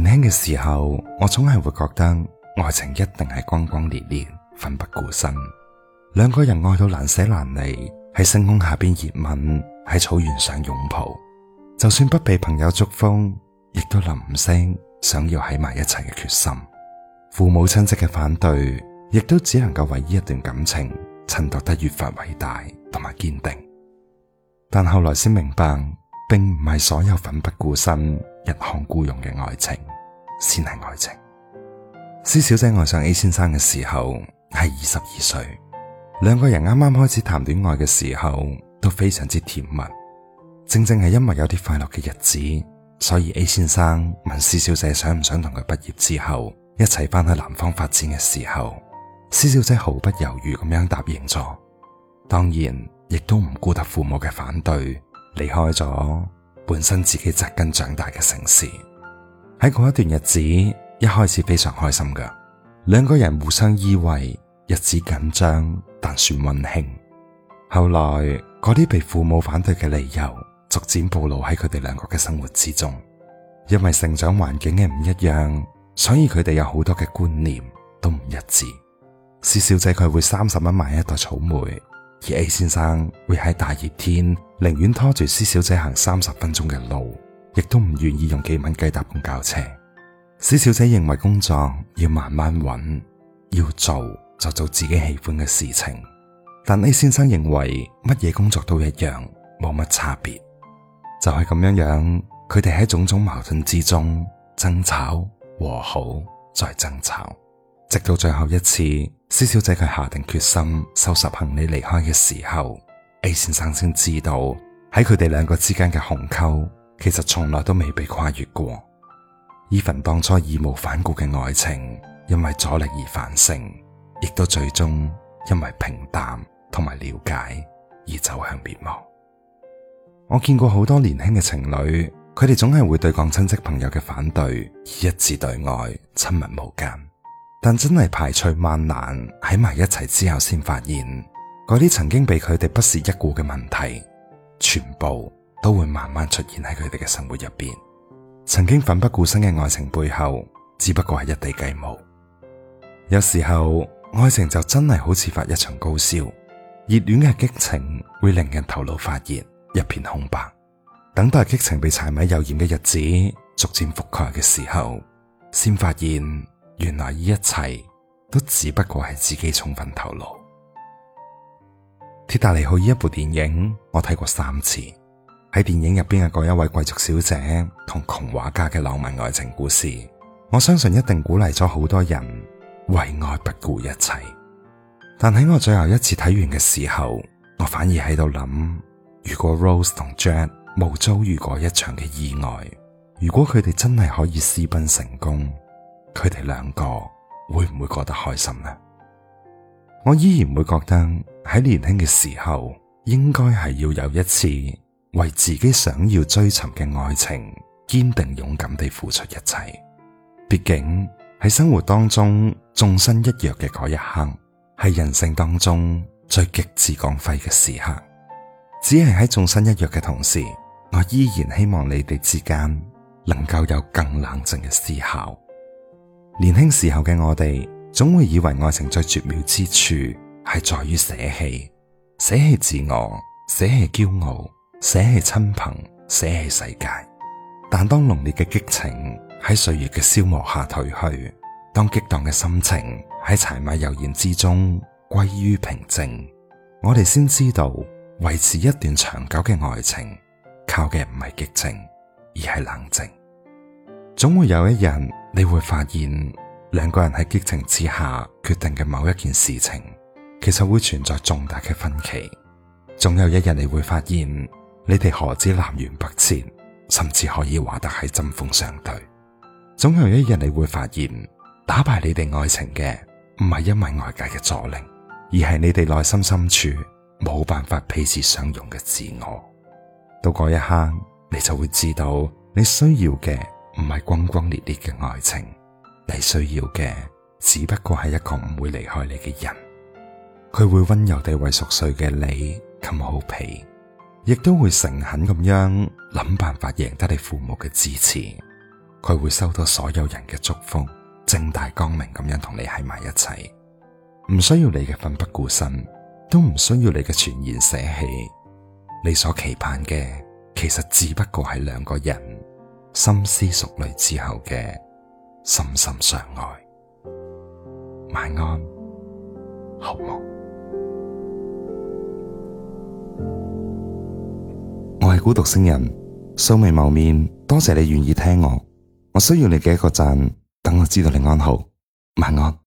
年輕嘅時候，我總係會覺得愛情一定係轟轟烈烈、奮不顧身，兩個人愛到難捨難離，喺星空下邊熱吻，喺草原上擁抱，就算不被朋友祝福，亦都冧唔聲，想要喺埋一齊嘅決心。父母親戚嘅反對，亦都只能夠為呢一段感情襯托得越發偉大同埋堅定。但後來先明白，並唔係所有奮不顧身。一項孤勇嘅愛情先係愛情。施小姐愛上 A 先生嘅時候係二十二歲，兩個人啱啱開始談戀愛嘅時候都非常之甜蜜。正正係因為有啲快樂嘅日子，所以 A 先生問施小姐想唔想同佢畢業之後一齊翻去南方發展嘅時候，施小姐毫不猶豫咁樣答應咗，當然亦都唔顧得父母嘅反對，離開咗本身自己扎根長大嘅城市，喺嗰一段日子，一開始非常開心噶。兩個人互相依偎，日子緊張但算溫馨。後來嗰啲被父母反對嘅理由，逐漸暴露喺佢哋兩個嘅生活之中。因為成長環境嘅唔一樣，所以佢哋有好多嘅觀念都唔一致。施小姐佢會三十蚊買一袋草莓。而 A 先生會喺大熱天寧願拖住 C 小姐行三十分鐘嘅路，亦都唔願意用幾蚊雞搭公交車。C 小姐認為工作要慢慢揾，要做就做自己喜歡嘅事情。但 A 先生認為乜嘢工作都一樣，冇乜差別。就係咁樣樣，佢哋喺種種矛盾之中爭吵，和好再爭吵，直到最後一次。施小姐佢下定決心收拾行李離開嘅時候，A 先生先知道喺佢哋兩個之間嘅鴻溝，其實從來都未被跨越過。依份當初義無反顧嘅愛情，因為阻力而繁盛，亦都最終因為平淡同埋了解而走向滅亡。我見過好多年輕嘅情侶，佢哋總係會對抗親戚朋友嘅反對，以一致對外，親密無間。但真係排除萬難喺埋一齊之後，先發現嗰啲曾經被佢哋不屑一顧嘅問題，全部都會慢慢出現喺佢哋嘅生活入邊。曾經奮不顧身嘅愛情背後，只不過係一地雞毛。有時候，愛情就真係好似發一場高燒，熱戀嘅激情會令人頭腦發熱，一片空白。等待激情被柴米油鹽嘅日子逐漸覆蓋嘅時候，先發現。原來呢一切都只不過係自己充分透露。《鐵達尼號》呢一部電影，我睇過三次。喺電影入邊嘅嗰一位貴族小姐同窮畫家嘅浪漫愛情故事，我相信一定鼓勵咗好多人為愛不顧一切。但喺我最後一次睇完嘅時候，我反而喺度諗：如果 Rose 同 Jack 冇遭遇過一場嘅意外，如果佢哋真係可以私奔成功。佢哋兩個會唔會覺得開心呢？我依然會覺得喺年輕嘅時候，應該係要有一次為自己想要追尋嘅愛情堅定勇敢地付出一切。畢竟喺生活當中縱身一躍嘅嗰一刻，係人性當中最極致光輝嘅時刻。只係喺縱身一躍嘅同時，我依然希望你哋之間能夠有更冷靜嘅思考。年輕時候嘅我哋，總會以為愛情最絕妙之處係在於捨棄，捨棄自我，捨棄驕傲，捨棄親朋，捨棄世界。但當濃烈嘅激情喺歲月嘅消磨下退去，當激盪嘅心情喺柴米油鹽之中歸於平靜，我哋先知道維持一段長久嘅愛情，靠嘅唔係激情，而係冷靜。總會有一日。你會發現兩個人喺激情之下決定嘅某一件事情，其實會存在重大嘅分歧。總有一日你會發現，你哋何止南轅北轍，甚至可以話得係針鋒相對。總有一日你會發現，打敗你哋愛情嘅唔係因為外界嘅阻力，而係你哋內心深處冇辦法彼此相容嘅自我。到嗰一刻，你就會知道你需要嘅。唔係轟轟烈烈嘅愛情，你需要嘅只不過係一個唔會離開你嘅人。佢會溫柔地為熟睡嘅你冚好被，亦都會誠懇咁樣諗辦法贏得你父母嘅支持。佢會收到所有人嘅祝福，正大光明咁樣同你喺埋一齊。唔需要你嘅奮不顧身，都唔需要你嘅全然捨棄。你所期盼嘅，其實只不過係兩個人。深思熟慮之後嘅深深相愛，晚安，好夢。我係孤獨星人，素未謀面，多謝你願意聽我。我需要你嘅一個讚，等我知道你安好。晚安。